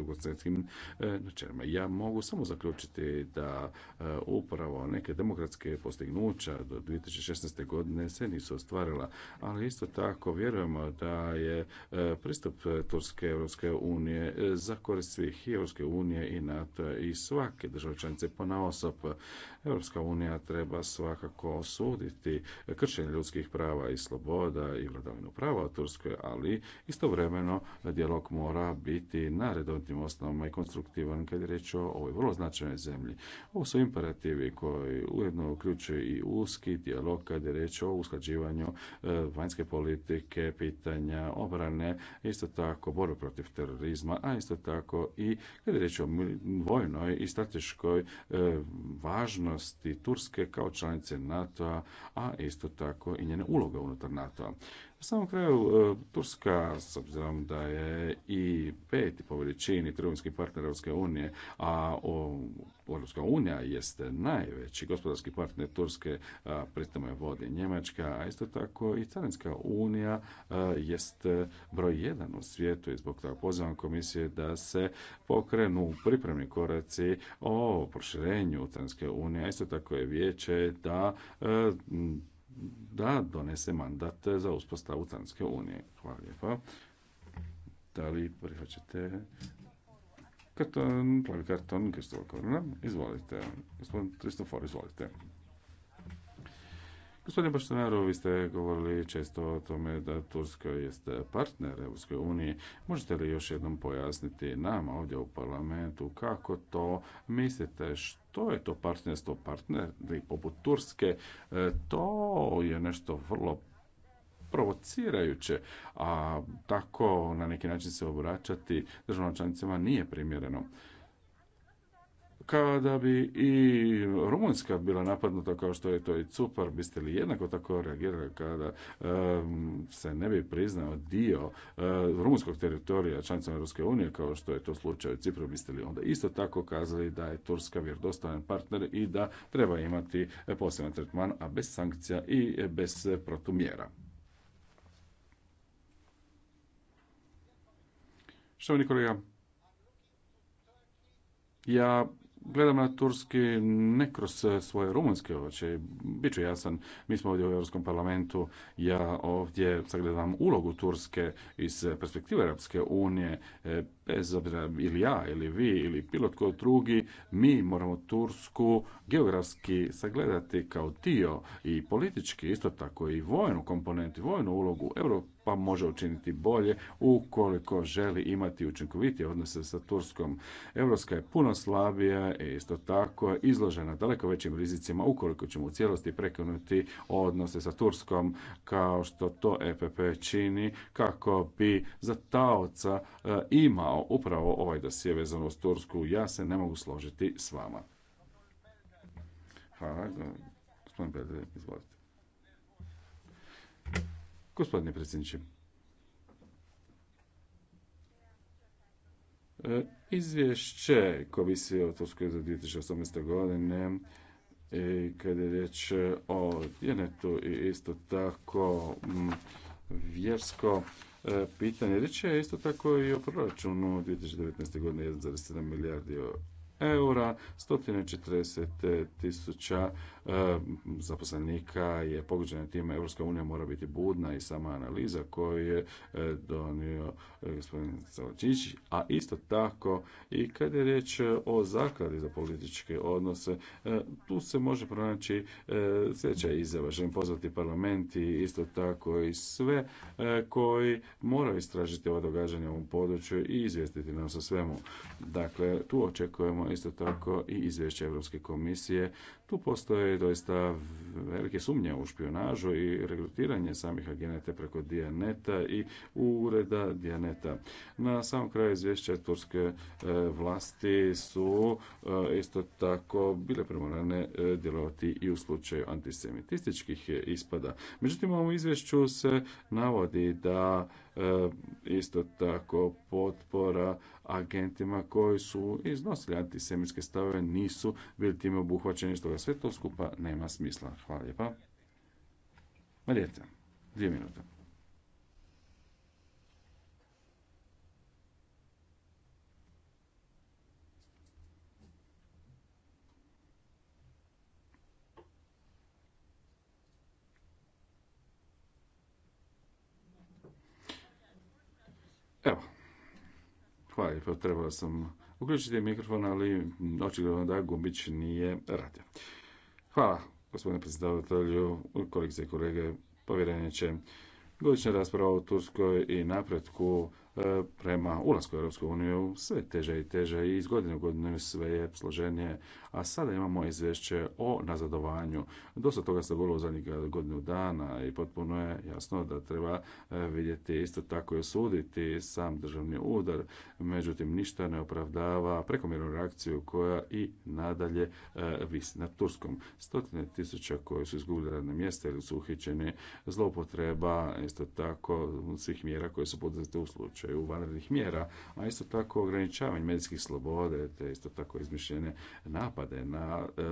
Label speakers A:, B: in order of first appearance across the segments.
A: demokratskim e, načelima. Ja mogu samo zaključiti da e, upravo neke demokratske postignuća do 2016. godine se nisu ostvarila, ali isto tako vjerujemo da je e, pristup Turske Europske unije za korist svih i Europske unije i NATO i svake države članice ponaosob. Europska unija treba svakako osuditi kršenje ljudskih prava i sloboda i vladavinu prava u Turskoj, ali istovremeno dijalog mora biti na tim osnovama i konstruktivan kad je riječ o ovoj vrlo značajnoj zemlji. Ovo su imperativi koji ujedno uključuje i uski dijalog kad je riječ o usklađivanju e, vanjske politike, pitanja obrane, isto tako borbe protiv terorizma, a isto tako i kad je riječ o vojnoj i strateškoj e, važnosti Turske kao članice NATO-a, a isto tako i njene uloga unutar NATO-a. Na samom kraju, e, Turska, s obzirom da je i peti po veličini trgovinski partner Europske unije, a o Europska unija jeste najveći gospodarski partner Turske, pritom je vodi Njemačka, a isto tako i Carinska unija e, jest broj jedan u svijetu i zbog toga pozivam komisije da se pokrenu pripremni koraci o proširenju Carinske unije, a isto tako je vijeće da e, da donese mandat za uspostavu Tanske unije. Hvala lijepa. Da li prihvaćate karton, plavi karton, Korona? Izvolite. Gospodin Kristofor, izvolite. Gospodine Baštenaru, vi ste govorili često o tome da Turska jeste partner Evropskoj uniji. Možete li još jednom pojasniti nama ovdje u parlamentu kako to mislite što to je to partnerstvo partneri poput Turske, e, to je nešto vrlo provocirajuće, a tako na neki način se obraćati državnom članicama nije primjereno kada bi i Rumunjska bila napadnuta kao što je to i Cupar, biste li jednako tako reagirali kada se ne bi priznao dio eh, rumunskog teritorija članica Europske unije kao što je to slučaj u Cipru, biste li onda isto tako kazali da je Turska vjerodostojan partner i da treba imati poseban tretman, a bez sankcija i bez protumjera. Štovani kolega, ja gledam na turski ne kroz e, svoje rumunske bit ću jasan, mi smo ovdje u Europskom parlamentu, ja ovdje sagledam ulogu Turske iz e, perspektive Europske unije, e, bez obzira ili ja ili vi ili bilo tko drugi, mi moramo Tursku geografski sagledati kao dio i politički, isto tako i vojnu komponentu, vojnu ulogu Europske pa može učiniti bolje ukoliko želi imati učinkovitije odnose sa Turskom. Europska je puno slabija i isto tako izložena daleko većim rizicima ukoliko ćemo u cijelosti prekinuti odnose sa Turskom kao što to EPP čini kako bi za taoca e, imao upravo ovaj dosje vezano uz Tursku. Ja se ne mogu složiti s vama. Hvala. Gospodin izvolite. Gospodine predsjedniče, e, izvješće komisije o Turskoj za 2018. godine e, kada je riječ o jednetu i isto tako vjersko e, pitanje. Riječ je isto tako i o proračunu 2019. godine 1,7 milijardi eura, 140 eh, tisuća eh, zaposlenika je pogođena time. Europska unija mora biti budna i sama analiza koju je eh, donio gospodin Salačić, a isto tako i kad je riječ o zakladi za političke odnose, tu se može pronaći sljedeća izjava. Želim pozvati parlament i isto tako i sve koji moraju istražiti ova događanja u ovom području i izvijestiti nam o svemu. Dakle, tu očekujemo isto tako i izvješće Europske komisije tu postoje doista velike sumnje u špionažu i regrutiranje samih agenata preko Dijaneta i ureda Dijaneta. Na samom kraju izvješća turske e, vlasti su e, isto tako bile premorane e, djelovati i u slučaju antisemitističkih ispada. Međutim, u ovom izvješću se navodi da isto tako potpora agentima koji su iznosili antisemitske stave nisu bili time obuhvaćeni što toga dakle, sve to skupa nema smisla. Hvala lijepa. Marijete, dvije minute. Evo, hvala lijepo, trebao sam Uključite mikrofon, ali očigledno da gumbić nije radio. Hvala, gospodine predsjedavatelju, kolegice i kolege, povjereniče. Godišnja rasprava o Turskoj i napretku e, prema ulasku u Europsku uniju sve teže i teže i iz godine u godinu sve je složenije, a sada imamo izvješće o nazadovanju. Dosta toga se govorilo u zadnjih godinu dana i potpuno je jasno da treba e, vidjeti isto tako i osuditi sam državni udar. Međutim, ništa ne opravdava prekomjernu reakciju koja i nadalje e, visi na Turskom. Stotine tisuća koji su izgubili radne mjesta ili su uhićeni zloupotreba, isto tako svih mjera koje su poduzete u slučaju vanrednih mjera, a isto tako ograničavanje medijskih slobode, te isto tako izmišljene napade na eh,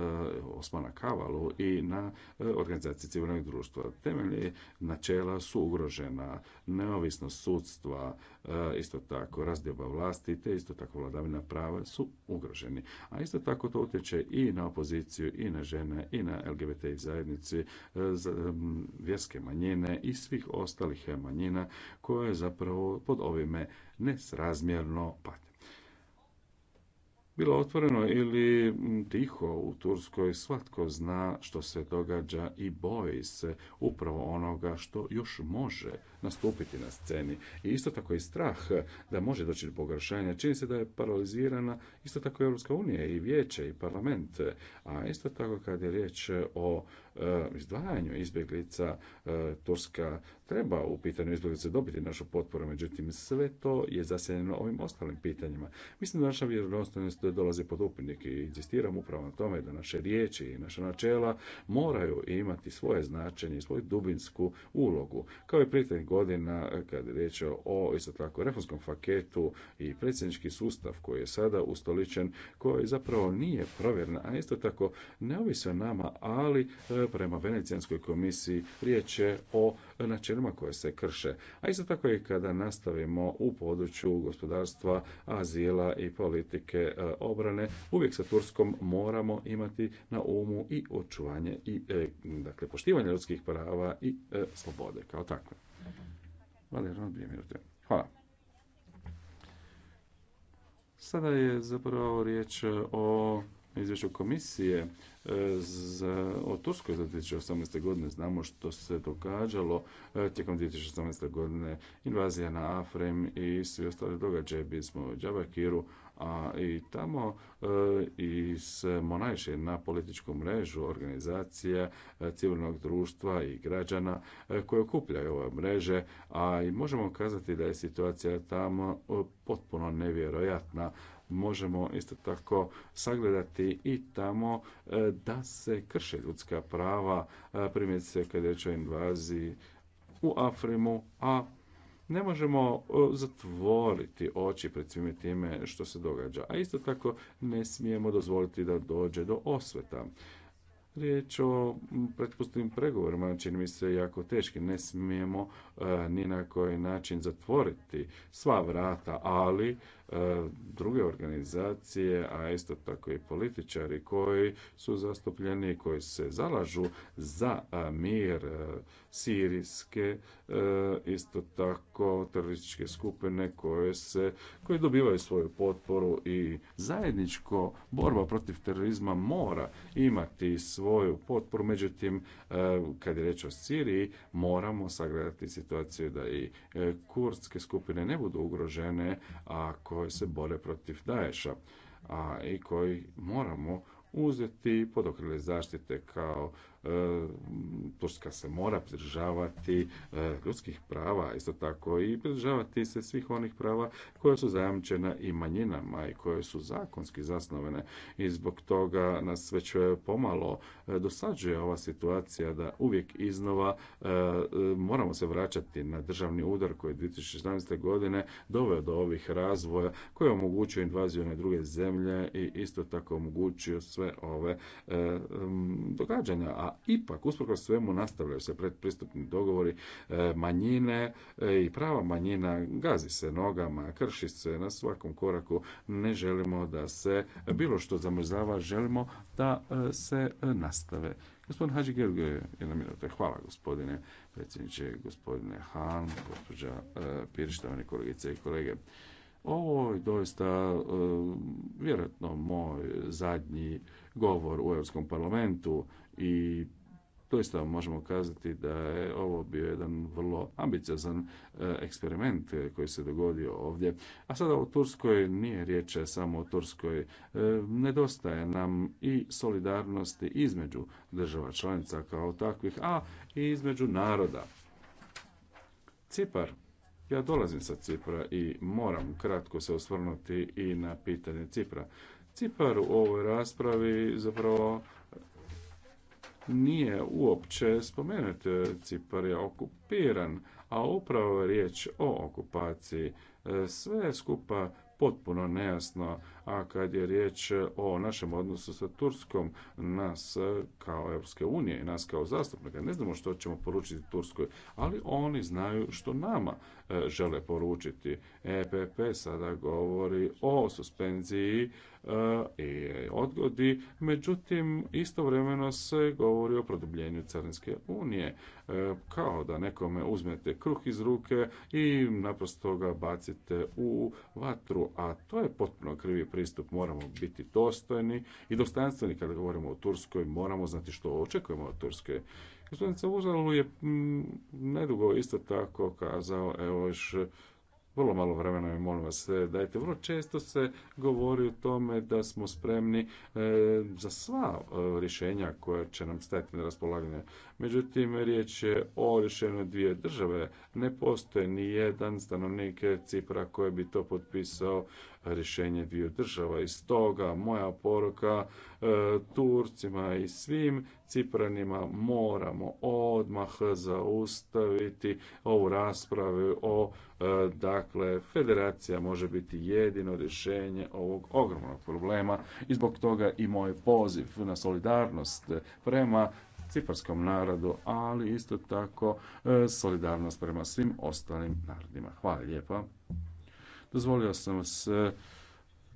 A: Osmana Kavalu i na eh, organizaciji civilnog društva. Temelji načela su ugrožena, neovisnost sudstva, eh, isto tako razdioba vlasti, te isto tako vladavina prava su ugroženi. A isto tako to utječe i na opoziciju, i na žene, i na LGBT zajednici, vjerske manjine i svih ostalih manjina koje zapravo pod ovime nesrazmjerno pati bilo otvoreno ili tiho u Turskoj, svatko zna što se događa i boji se upravo onoga što još može nastupiti na sceni. I isto tako i strah da može doći do pogoršanja. Čini se da je paralizirana isto tako i Europska unija i vijeće i parlament. A isto tako kad je riječ o e, izdvajanju izbjeglica e, Turska treba u pitanju izbjeglice dobiti našu potporu, međutim sve to je zaseljeno ovim ostalim pitanjima. Mislim da naša vjerodostojnost dolazi pod upitnik i insistiram upravo na tome da naše riječi i naša načela moraju imati svoje značenje i svoju dubinsku ulogu. Kao i prijatelj godina eh, kad je riječ o isto tako reformskom paketu i predsjednički sustav koji je sada ustoličen, koji zapravo nije provjerna, a isto tako ne ovisi o nama, ali eh, prema Venecijanskoj komisiji riječ je o načelima koje se krše. A isto tako i kada nastavimo u području gospodarstva, azila i politike eh, obrane, uvijek sa Turskom moramo imati na umu i očuvanje i dakle poštivanje ljudskih prava i slobode kao takve dvije minute. Hvala. Sada je zapravo riječ o izvješću komisije e, za, o Turskoj za 2018. godine. Znamo što se događalo e, tijekom 2018. godine. Invazija na Afrem i svi ostali događaje. Bismo u Džabakiru, a i tamo e, i smo najviše na političku mrežu organizacija e, civilnog društva i građana e, koje okupljaju ove mreže, a i možemo kazati da je situacija tamo potpuno nevjerojatna možemo isto tako sagledati i tamo da se krše ljudska prava, primjerice kad je o invaziji u Afrimu, a ne možemo e, zatvoriti oči pred svime time što se događa, a isto tako ne smijemo dozvoliti da dođe do osveta. Riječ o pretpostavnim pregovorima čini mi se jako teški. Ne smijemo E, ni na koji način zatvoriti sva vrata, ali e, druge organizacije, a isto tako i političari koji su zastupljeni, koji se zalažu za e, mir sirijske, isto tako terorističke skupine koje se, koje dobivaju svoju potporu i zajedničko borba protiv terorizma mora imati svoju potporu. Međutim, kad je reč o Siriji, moramo sagledati situacije da i e, kurdske skupine ne budu ugrožene, a koje se bore protiv Daesha, a i koji moramo uzeti pod zaštite kao E, Turska se mora pridržavati e, ljudskih prava, isto tako i pridržavati se svih onih prava koja su zajamčena i manjinama i koje su zakonski zasnovene i zbog toga nas već e, pomalo dosađuje ova situacija da uvijek iznova moramo se vraćati na državni udar koji je 2016. godine doveo do ovih razvoja koji je omogućio invaziju na druge zemlje i isto tako omogućio sve ove događanja, a ipak, usprkos svemu, nastavljaju se predpristupni dogovori e, manjine e, i prava manjina gazi se nogama, krši se na svakom koraku. Ne želimo da se bilo što zamrzava, želimo da e, se nastave. Gospodin Hađi jedna minuta. Hvala gospodine predsjedniče, gospodine Han, gospođa Pirštovane kolegice i kolege. Ovo je doista vjerojatno moj zadnji govor u Europskom parlamentu i doista možemo kazati da je ovo bio jedan vrlo ambiciozan e, eksperiment e, koji se dogodio ovdje. A sada o Turskoj nije riječ samo o Turskoj. E, nedostaje nam i solidarnosti između država članica kao takvih, a i između naroda. Cipar. Ja dolazim sa Cipra i moram kratko se osvrnuti i na pitanje Cipra. Cipar u ovoj raspravi zapravo nije uopće spomenut. E, Cipar je okupiran, a upravo riječ o okupaciji. E, sve je skupa potpuno nejasno a kad je riječ o našem odnosu sa Turskom, nas kao Europske unije i nas kao zastupnika, ne znamo što ćemo poručiti Turskoj, ali oni znaju što nama e, žele poručiti. EPP sada govori o suspenziji e, i odgodi, međutim istovremeno se govori o produbljenju Carinske unije. E, kao da nekome uzmete kruh iz ruke i naprosto ga bacite u vatru, a to je potpuno krivi pristup. Moramo biti dostojni i dostojanstveni kada govorimo o Turskoj. Moramo znati što očekujemo od Turske. Gospodin Cavuzalu je mm, nedugo isto tako kazao, evo još vrlo malo vremena i molim vas e, dajte. Vrlo često se govori o tome da smo spremni e, za sva e, rješenja koja će nam stajati na raspolaganje. Međutim, riječ je o rješenju dvije države. Ne postoje ni jedan stanovnik Cipra koji bi to potpisao rješenje dvije država. I stoga moja poruka e, Turcima i svim Cipranima moramo odmah zaustaviti ovu raspravu o e, dakle federacija može biti jedino rješenje ovog ogromnog problema i zbog toga i moj poziv na solidarnost prema ciparskom narodu, ali isto tako e, solidarnost prema svim ostalim narodima. Hvala lijepa. Dozvolio sam se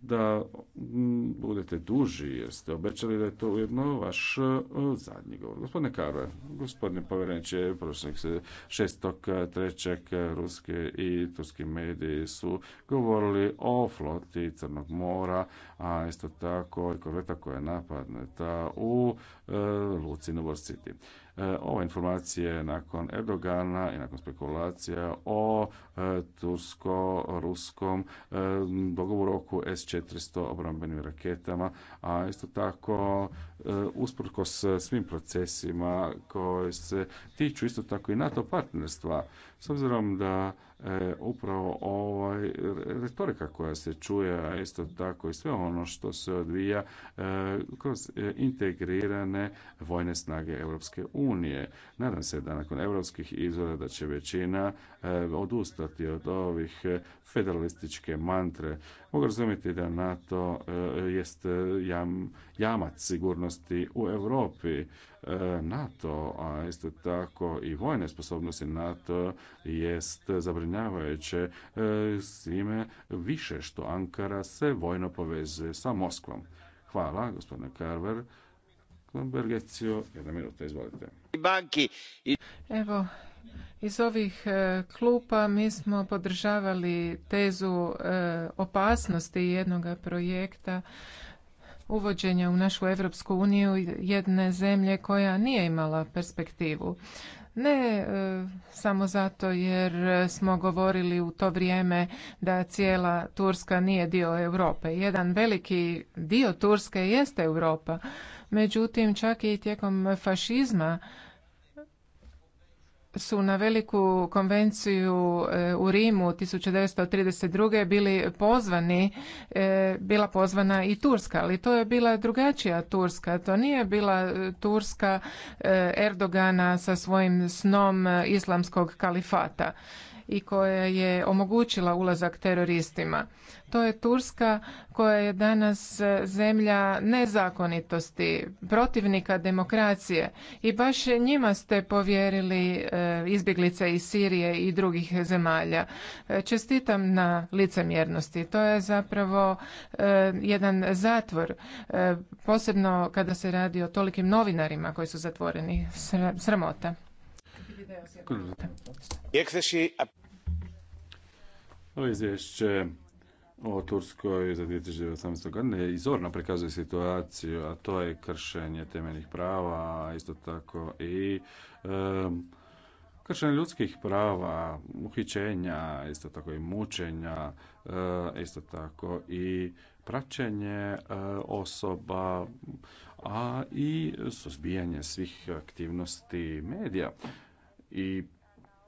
A: da mm, budete duži jer ste obećali da je to ujedno vaš e, zadnji govor. Gospodine Karve, gospodine povjereniče, prošlog se šestog e, e, ruske i turski mediji su govorili o floti Crnog mora, a isto tako i korveta koja je napadneta u Luci E, ove informacije nakon Erdogana i nakon spekulacija o e, tursko-ruskom e, dogovoru oko S-400 obrambenim raketama, a isto tako s svim procesima koji se tiču isto tako i NATO partnerstva, s obzirom da upravo ovaj retorika koja se čuje, a isto tako i sve ono što se odvija kroz integrirane vojne snage Europske unije. Nadam se da nakon europskih izvora da će većina e, odustati od ovih e, federalističke mantre. Mogu razumjeti da NATO e, jest jam, jamac sigurnosti u Europi. NATO, a isto tako i vojne sposobnosti NATO jest zabrinjavajuće s time više što Ankara se vojno povezuje sa Moskvom. Hvala, gospodine Carver.
B: Evo, iz ovih e, klupa mi smo podržavali tezu e, opasnosti jednog projekta uvođenja u našu Europsku uniju jedne zemlje koja nije imala perspektivu. Ne e, samo zato jer smo govorili u to vrijeme da cijela Turska nije dio Europe. Jedan veliki dio Turske jeste Europa, međutim čak i tijekom fašizma su na veliku konvenciju e, u Rimu 1932. bili pozvani, e, bila pozvana i Turska, ali to je bila drugačija Turska. To nije bila e, Turska Erdogana sa svojim snom islamskog kalifata i koja je omogućila ulazak teroristima. To je Turska koja je danas zemlja nezakonitosti, protivnika demokracije i baš njima ste povjerili e, izbjeglice iz Sirije i drugih zemalja. E, čestitam na licemjernosti. To je zapravo e, jedan zatvor, posebno kada se radi o tolikim novinarima koji su zatvoreni. Sramota.
A: Ovo izvješće o Turskoj za 2018. godine izorno prikazuje situaciju, a to je kršenje temeljnih prava, isto tako i kršenje ljudskih prava, uhićenja, isto tako i mučenja, isto tako i praćenje osoba, a i suzbijanje svih aktivnosti medija i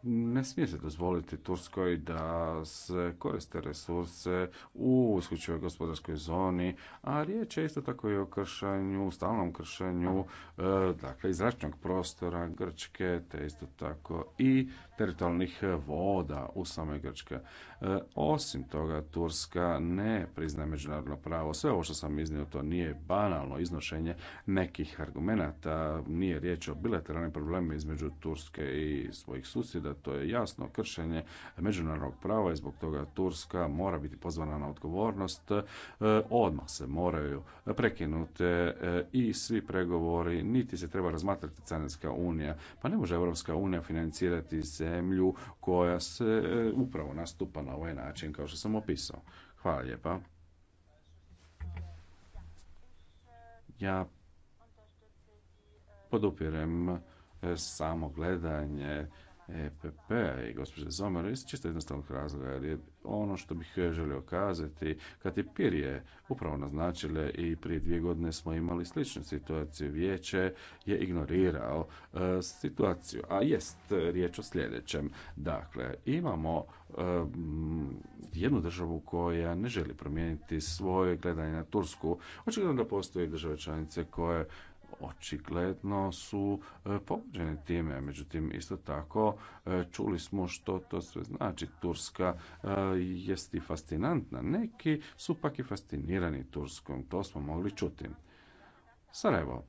A: ne smije se dozvoliti Turskoj da se koriste resurse u isključivoj gospodarskoj zoni, a riječ je isto tako i o kršenju, stalnom kršenju, e, dakle, i zračnog prostora Grčke, te isto tako i teritorijalnih e, voda u same Grčke. Osim toga, Turska ne priznaje međunarodno pravo. Sve ovo što sam iznio, to nije banalno iznošenje nekih argumenata. Nije riječ o bilateralnim problemima između Turske i svojih susjeda. To je jasno kršenje međunarodnog prava i zbog toga Turska mora biti pozvana na odgovornost. E, odmah se moraju prekinute e, i svi pregovori, niti se treba razmatrati Carinska unija. Pa ne može Europska unija financirati se zemlju koja se e, upravo nastupa na ovaj način kao što sam opisao. Hvala lijepa. Ja podupirem e, samo gledanje EPP p-a i gospođe Zomer iz čisto jednostavnog razloga jer je ono što bih e, želio kazati, kad je Pirje upravo naznačile i prije dvije godine smo imali sličnu situaciju, vijeće je ignorirao e, situaciju, a jest e, riječ o sljedećem. Dakle, imamo jednu državu koja ne želi promijeniti svoje gledanje na Tursku. Očigledno da postoje države članice koje očigledno su e, pogođeni time. Međutim, isto tako e, čuli smo što to sve znači. Turska e, jest i fascinantna. Neki su pak i fascinirani Turskom. To smo mogli čuti. Sarajevo.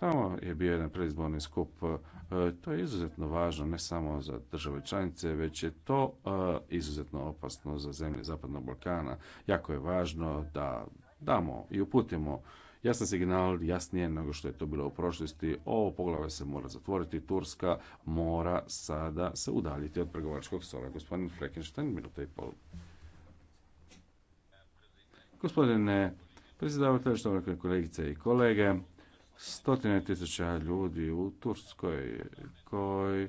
A: Tamo je bio jedan predizborni skup. To je izuzetno važno, ne samo za države članice, već je to izuzetno opasno za zemlje Zapadnog Balkana. Jako je važno da damo i uputimo jasan signal, jasnije nego što je to bilo u prošlosti. Ovo poglavlje se mora zatvoriti, Turska mora sada se udaljiti od pregovaračkog stola. Gospodin Fleckenstein, minuta i pol. Gospodine predsjedavatelj, što kolegice i kolege, stotine tisuća ljudi u Turskoj koji eh,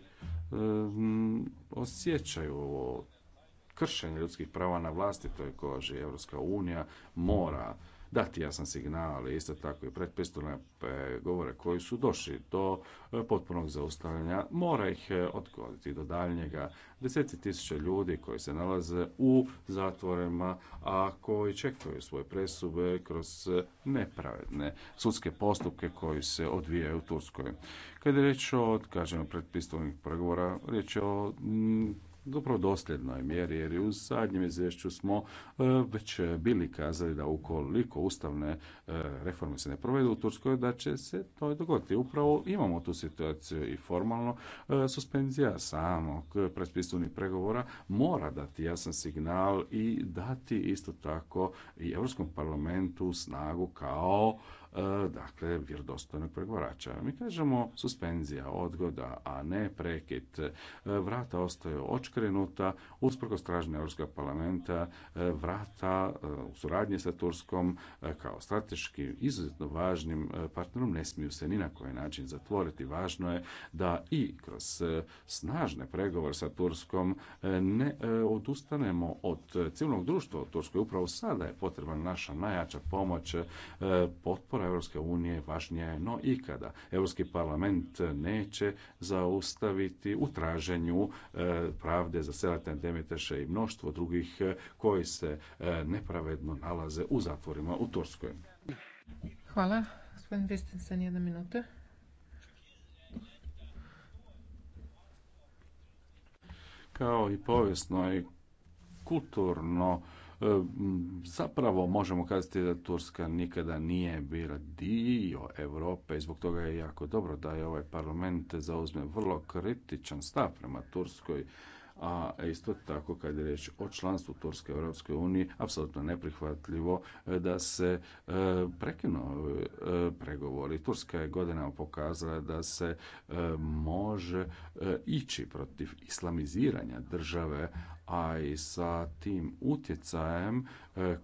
A: osjećaju ovo kršenje ljudskih prava na vlasti to je koži. Europska unija mora dati jasan signal, ali isto tako i predpristupne govore koji su došli do e, potpunog zaustavljanja, mora ih e, odgoditi do daljnjega. Deseci tisuća ljudi koji se nalaze u zatvorima, a koji čekaju svoje presube kroz e, nepravedne sudske postupke koji se odvijaju u Turskoj. Kad je reč o, kažemo, predpristupnih pregovora, riječ je o dobro dosljednoj mjeri, jer u zadnjem izvješću smo e, već bili kazali da ukoliko ustavne e, reforme se ne provedu u Turskoj, da će se to dogoditi. Upravo imamo tu situaciju i formalno e, suspenzija samog predpristupnih pregovora mora dati jasan signal i dati isto tako i Europskom parlamentu snagu kao E, dakle, vjerodostojnog pregovarača. Mi kažemo suspenzija, odgoda, a ne prekid. E, vrata ostaju očkrenuta, usprko stražnje Europskog parlamenta, e, vrata u suradnji sa Turskom kao strateški izuzetno važnim partnerom ne smiju se ni na koji način zatvoriti. Važno je da i kroz snažne pregovore sa Turskom ne odustanemo od civilnog društva u Turskoj. Upravo sada je potrebna naša najjača pomoć, potpora Europske unije važnija je no ikada. Europski parlament neće zaustaviti u traženju e, pravde za Selatan Demeteša i mnoštvo drugih e, koji se e, nepravedno nalaze u zatvorima u Turskoj.
B: Hvala. Gospodin jedna minuta.
A: Kao i povijesno i kulturno E, zapravo možemo kazati da Turska nikada nije bila dio Europe i zbog toga je jako dobro da je ovaj parlament zauzme vrlo kritičan stav prema Turskoj a isto tako kad je riječ o članstvu Turske u Europskoj uniji, apsolutno neprihvatljivo e, da se e, prekinu e, pregovori. Turska je godinama pokazala da se može ići protiv islamiziranja države, a i sa tim utjecajem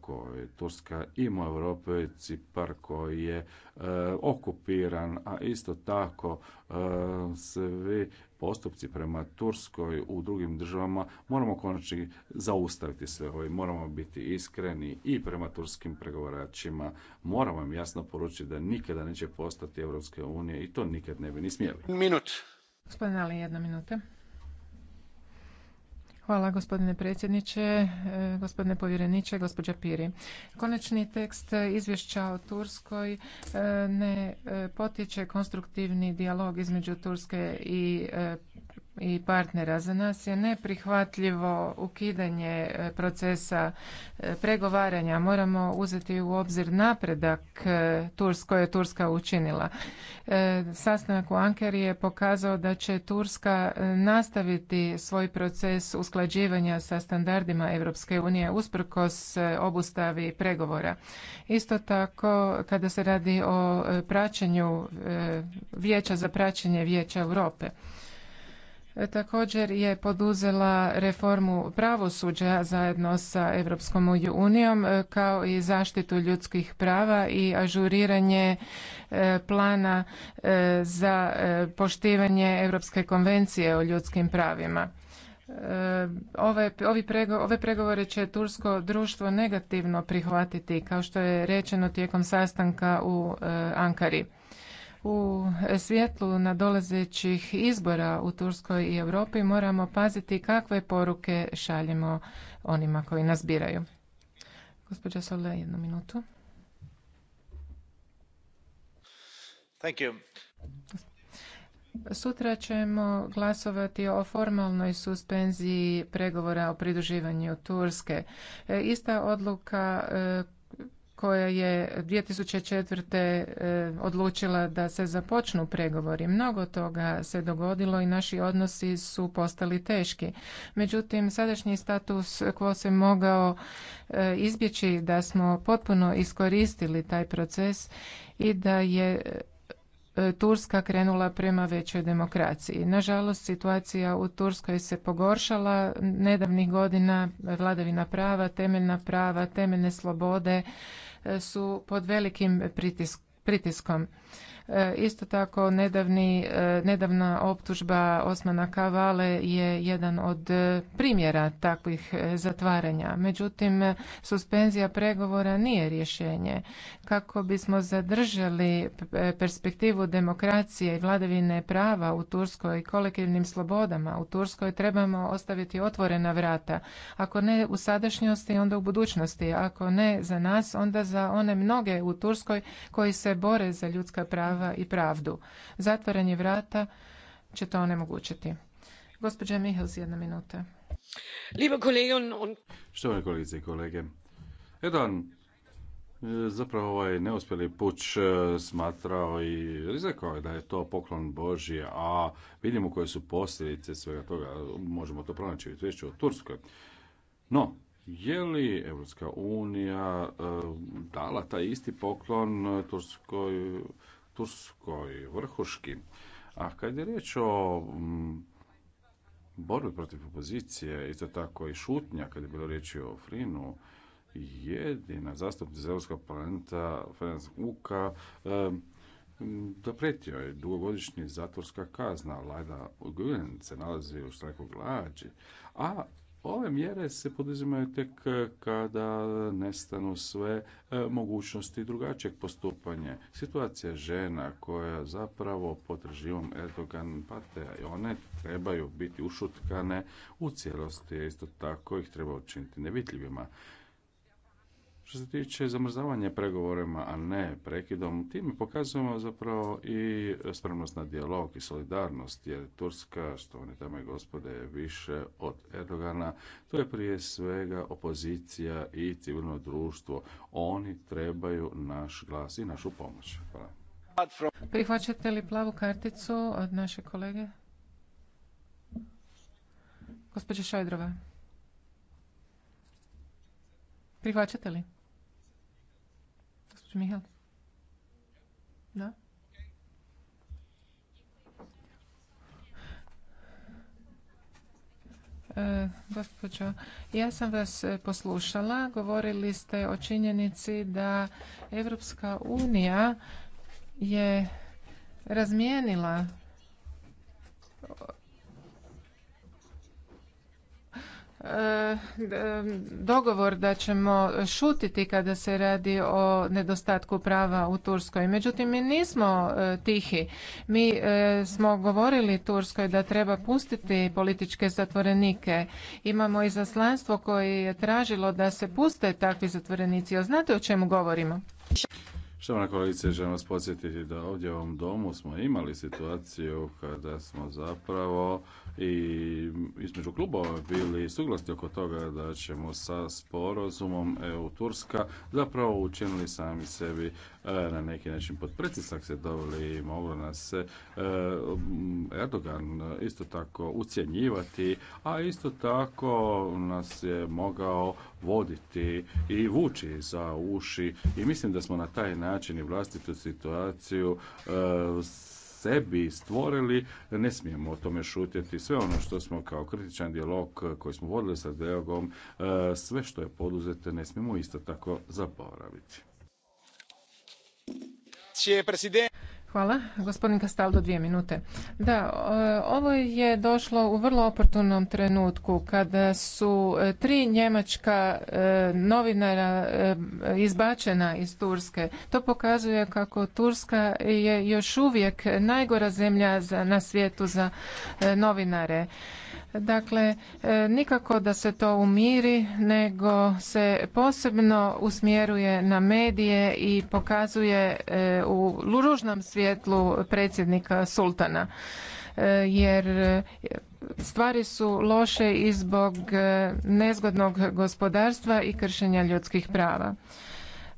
A: koje Turska ima u Europi, Cipar koji je okupiran, a isto tako svi postupci prema Turskoj u drugim državama moramo konačno zaustaviti sve ovo i moramo biti iskreni i prema turskim pregovaračima. Moramo im jasno poručiti da nikada neće postati Europske unije i to nikad ne bi ni smjeli. Minut.
B: jedna minuta. Hvala gospodine predsjedniče, e, gospodine povjereniče, gospođa Piri. Konačni tekst izvješća o Turskoj e, ne e, potiče konstruktivni dijalog između Turske i i partnera. Za nas je neprihvatljivo ukidanje e, procesa e, pregovaranja. Moramo uzeti u obzir napredak e, koje je Turska učinila. Sastanak u Ankeri je pokazao da će Turska nastaviti svoj proces usklađivanja sa standardima Europske unije usprkos obustavi pregovora. Isto tako, kada se radi o praćenju vijeća za praćenje vijeća Europe. E, također je poduzela reformu pravosuđa zajedno sa Europskom unijom e, kao i zaštitu ljudskih prava i ažuriranje e, plana za poštivanje Europske konvencije o ljudskim pravima. Ove, ove pregovore će tursko društvo negativno prihvatiti kao što je rečeno tijekom sastanka u Ankari. U svjetlu nadolazećih izbora u Turskoj i Europi moramo paziti kakve poruke šaljemo onima koji nas biraju. Gospođa jednu minutu. Thank you. Sutra ćemo glasovati o formalnoj suspenziji pregovora o pridruživanju Turske. E, ista odluka e, koja je 2004. E, odlučila da se započnu pregovori. Mnogo toga se dogodilo i naši odnosi su postali teški. Međutim, sadašnji status quo se mogao e, izbjeći da smo potpuno iskoristili taj proces i da je E, Turska krenula prema većoj demokraciji. Nažalost, situacija u Turskoj se pogoršala nedavnih godina, vladavina prava, temeljna prava, temeljne slobode e, su pod velikim pritiskom. E, isto tako nedavni, e, nedavna optužba Osmana Kavale je jedan od e, primjera takvih zatvaranja. Međutim, suspenzija pregovora nije rješenje. Kako bismo zadržali perspektivu demokracije i vladavine prava u Turskoj i kolektivnim slobodama u Turskoj trebamo ostaviti otvorena vrata. Ako ne u sadašnjosti, onda u budućnosti. Ako ne za nas, onda za one mnoge u Turskoj koji se bore za ljudska prava i pravdu. Zatvaranje vrata će to onemogućiti. Gospođa Mihels, jedna minuta.
A: Štovane kolegice i kolege, jedan e, zapravo ovaj neuspjeli puć e, smatrao i rizikao je da je to poklon Božji, a vidimo koje su posljedice svega toga, možemo to pronaći u izvješću o Turskoj. No, je li Evropska unija e, dala taj isti poklon Turskoj Turskoj vrhuški. A kad je riječ o mm, borbi protiv opozicije, isto tako i šutnja, kad je bilo riječi o Frinu, jedina zastupnica Europskog parlamenta, Ferenc Uka, e, je dugogodišnji zatvorska kazna. vlada Gulen se nalazi u štrajku glađi, a Ove mjere se poduzimaju tek eh, kada nestanu sve eh, mogućnosti drugačijeg postupanja. Situacija žena koja zapravo pod režimom Erdogan i one trebaju biti ušutkane u cijelosti, isto tako ih treba učiniti nevidljivima. Što se tiče zamrzavanja pregovorima, a ne prekidom, time pokazujemo zapravo i spremnost na dijalog i solidarnost, jer Turska, što oni tamo i gospode, je više od Erdogana. To je prije svega opozicija i civilno društvo. Oni trebaju naš glas i našu pomoć. Hvala.
B: Prihvaćate li plavu karticu od naše kolege? Gospođa Šajdrova? Prihvaćate li? Da? E, ja sam vas e, poslušala. Govorili ste o činjenici da Evropska unija je razmijenila E, dogovor da ćemo šutiti kada se radi o nedostatku prava u Turskoj. Međutim, mi nismo e, tihi. Mi e, smo govorili Turskoj da treba pustiti političke zatvorenike. Imamo i zaslanstvo koje je tražilo da se puste takvi zatvorenici. znate o čemu govorimo?
A: Štovana kolegice, želim vas podsjetiti da ovdje u ovom domu smo imali situaciju kada smo zapravo i između klubova bili suglasni oko toga da ćemo sa sporazumom EU-Turska zapravo učinili sami sebi e, na neki način pod pritisak se doveli i moglo nas se e, Erdogan isto tako ucjenjivati, a isto tako nas je mogao voditi i vući za uši i mislim da smo na taj način i vlastitu situaciju e, sebi stvorili, ne smijemo o tome šutjeti. Sve ono što smo kao kritičan dijalog koji smo vodili sa Deogom, e, sve što je poduzete ne smijemo isto tako zaboraviti.
B: Hvala. Gospodin Kastaldo, dvije minute. Da, e, ovo je došlo u vrlo oportunom trenutku kada su e, tri njemačka e, novinara izbačena iz Turske. To pokazuje kako Turska je još uvijek najgora zemlja na svijetu za novinare. Dakle, e, nikako da se to umiri, nego se posebno usmjeruje na medije i pokazuje e, u ružnom svjetlu predsjednika Sultana. E, jer stvari su loše i zbog nezgodnog gospodarstva i kršenja ljudskih prava.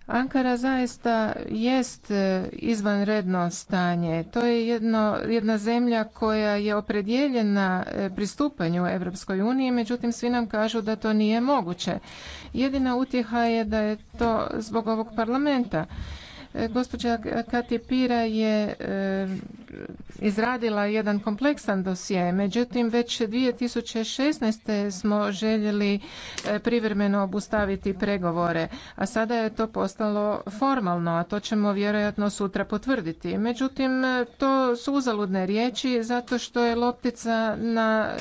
B: Ankara zaista jest e, izvanredno stanje. To je jedno, jedna zemlja koja je opredjeljena e, pristupanju Europskoj uniji, međutim svi nam kažu da to nije moguće. Jedina utjeha je da je to zbog ovog parlamenta. Gospođa Kati Pira je e, izradila jedan kompleksan dosije, međutim već 2016. smo željeli e, privremeno obustaviti pregovore, a sada je to postalo formalno, a to ćemo vjerojatno sutra potvrditi. Međutim, e, to su uzaludne riječi zato što je loptica na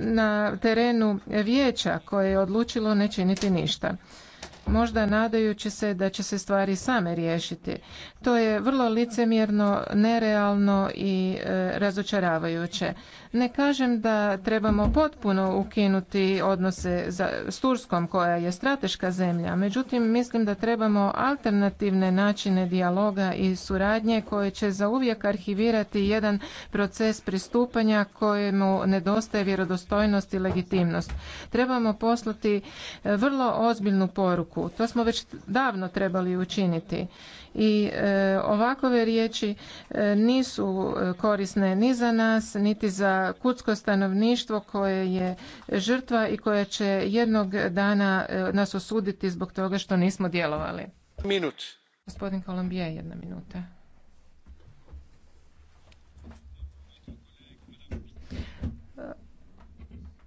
B: na terenu vijeća koje je odlučilo ne činiti ništa možda nadajući se da će se stvari same riješiti. To je vrlo licemjerno, nerealno i e, razočaravajuće. Ne kažem da trebamo potpuno ukinuti odnose s Turskom koja je strateška zemlja, međutim mislim da trebamo alternativne načine dijaloga i suradnje koje će zauvijek arhivirati jedan proces pristupanja kojemu nedostaje vjerodostojnost i legitimnost. Trebamo poslati e, vrlo ozbiljnu poruku to smo već davno trebali učiniti. I e, ovakove riječi e, nisu e, korisne ni za nas, niti za kutsko stanovništvo koje je žrtva i koje će jednog dana nas osuditi zbog toga što nismo djelovali. Minut. Gospodin Kolumbije, jedna minuta.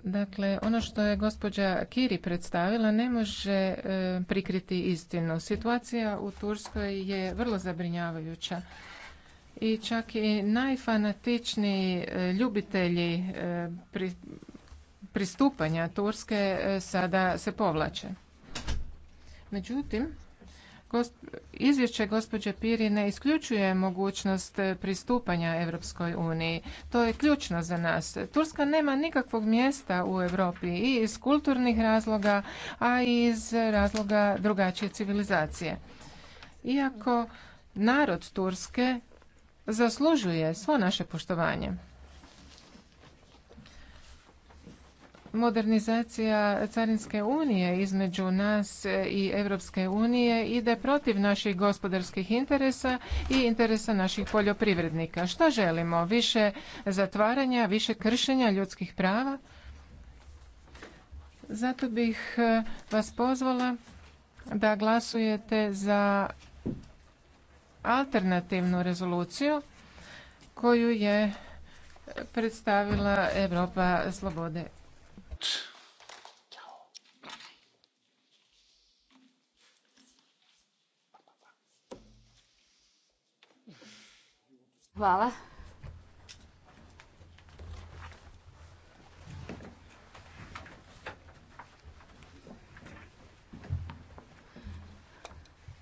B: Dakle, ono što je gospođa Kiri predstavila ne može e, prikriti istinu. Situacija u Turskoj je vrlo zabrinjavajuća i čak i najfanatičniji e, ljubitelji e, pristupanja Turske sada se povlače. Međutim, izvješće gospođe Piri ne isključuje mogućnost eh, pristupanja Europskoj uniji. To je ključno za nas. Turska nema nikakvog mjesta u Europi i iz kulturnih razloga, a i iz razloga drugačije civilizacije. Iako narod Turske zaslužuje svo naše poštovanje. modernizacija carinske unije između nas i Europske unije ide protiv naših gospodarskih interesa i interesa naših poljoprivrednika. Što želimo? Više zatvaranja, više kršenja ljudskih prava? Zato bih e, vas pozvala da glasujete za alternativnu rezoluciju koju je predstavila Evropa slobode
C: Hvala.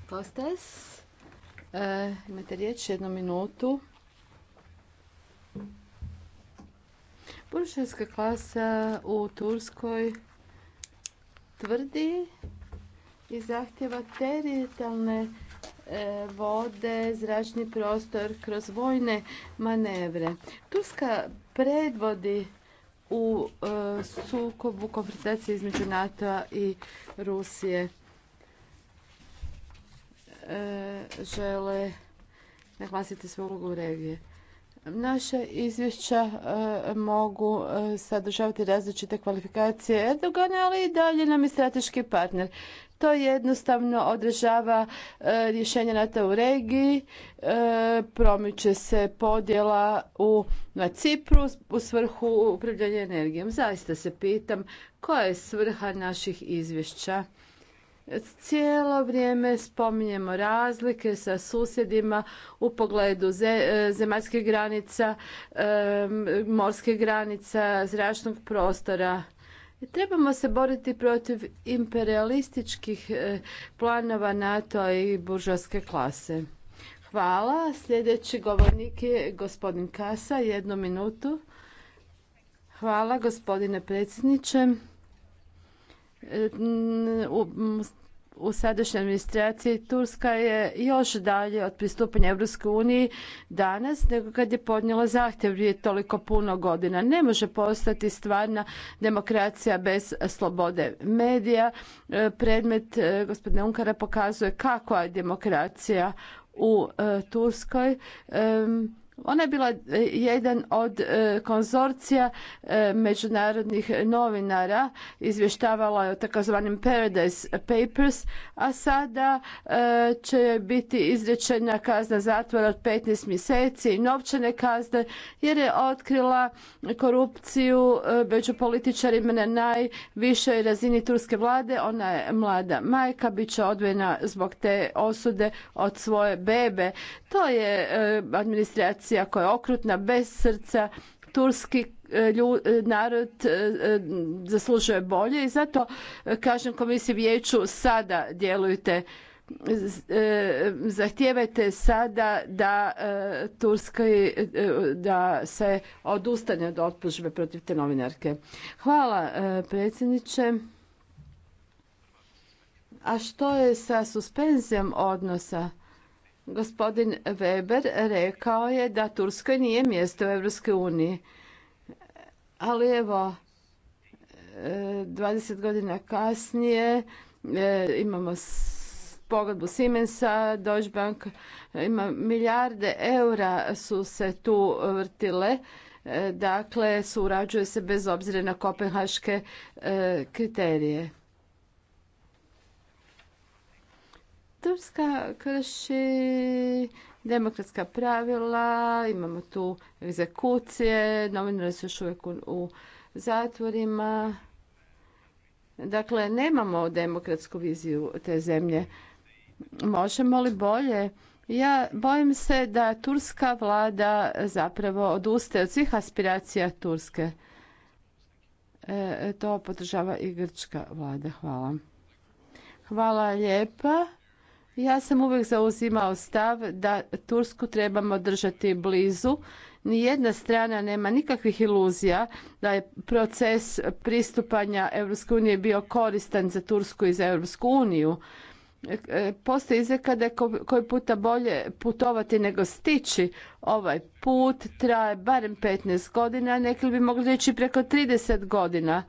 D: Kostas, eh, imate riječ jednu minutu. Burševska klasa u Turskoj tvrdi i zahtjeva teritorijalne e, vode, zračni prostor kroz vojne manevre. Turska predvodi u e, sukobu konfrontacije između NATO-a i Rusije. E, žele naglasiti svoju ulogu u regiji. Naša izvješća e, mogu e, sadržavati različite kvalifikacije Erdogana, ali i dalje nam je strateški partner. To jednostavno održava rješenja rješenje NATO u regiji, e, promiče se podjela u, na Cipru u svrhu upravljanja energijom. Zaista se pitam koja je svrha naših izvješća. Cijelo vrijeme spominjemo razlike sa susjedima u pogledu e, zemaljskih granica, e, morskih granica, zračnog prostora. Trebamo se boriti protiv imperialističkih e, planova NATO i buržovske klase. Hvala. Sljedeći govornik je gospodin Kasa. Jednu minutu. Hvala gospodine predsjedniče u, u sadašnjoj administraciji Turska je još dalje od pristupanja Europskoj uniji danas nego kad je podnijela zahtjev prije toliko puno godina. Ne može postati stvarna demokracija bez slobode medija. E, predmet e, gospodine Unkara pokazuje kakva je demokracija u e, Turskoj. Ona je bila e, jedan od e, konzorcija e, međunarodnih novinara, izvještavala je o takozvanim Paradise Papers, a sada će biti izrečena kazna zatvora od 15 mjeseci i novčane kazne jer je otkrila korupciju među političarima na najvišoj razini turske vlade. Ona je mlada majka, bit će odvojena zbog te osude od svoje bebe. To je administracija agresija koja je okrutna, bez srca, turski e, e, narod e, zaslužuje bolje i zato kažem komisiji vijeću sada djelujte zahtijevajte sada da turska da se odustane od optužbe protiv te novinarke. Hvala predsjedniče. A što je sa suspenzijom odnosa? Gospodin Weber rekao je da Turska nije mjesto u Evropskoj uniji. Ali evo, 20 e, godina kasnije e, imamo pogodbu Siemensa, Deutsche Bank, ima milijarde eura su se tu vrtile e, dakle surađuje se bez obzira na kopenhaške kriterije. Turska krši demokratska pravila, imamo tu egzekucije, novinari su još uvijek u zatvorima. Dakle, nemamo demokratsku viziju te zemlje. Možemo li bolje? Ja bojim se da turska vlada zapravo odustaje od svih aspiracija Turske. E, to podržava i grčka vlada. Hvala. Hvala lijepa. Ja sam uvijek zauzimao stav da Tursku trebamo držati blizu. Nijedna strana nema nikakvih iluzija da je proces pristupanja EU bio koristan za Tursku i za EU. Postoji izreka da je koji puta bolje putovati nego stići. Ovaj put traje barem 15 godina, neki bi mogli reći preko 30 godina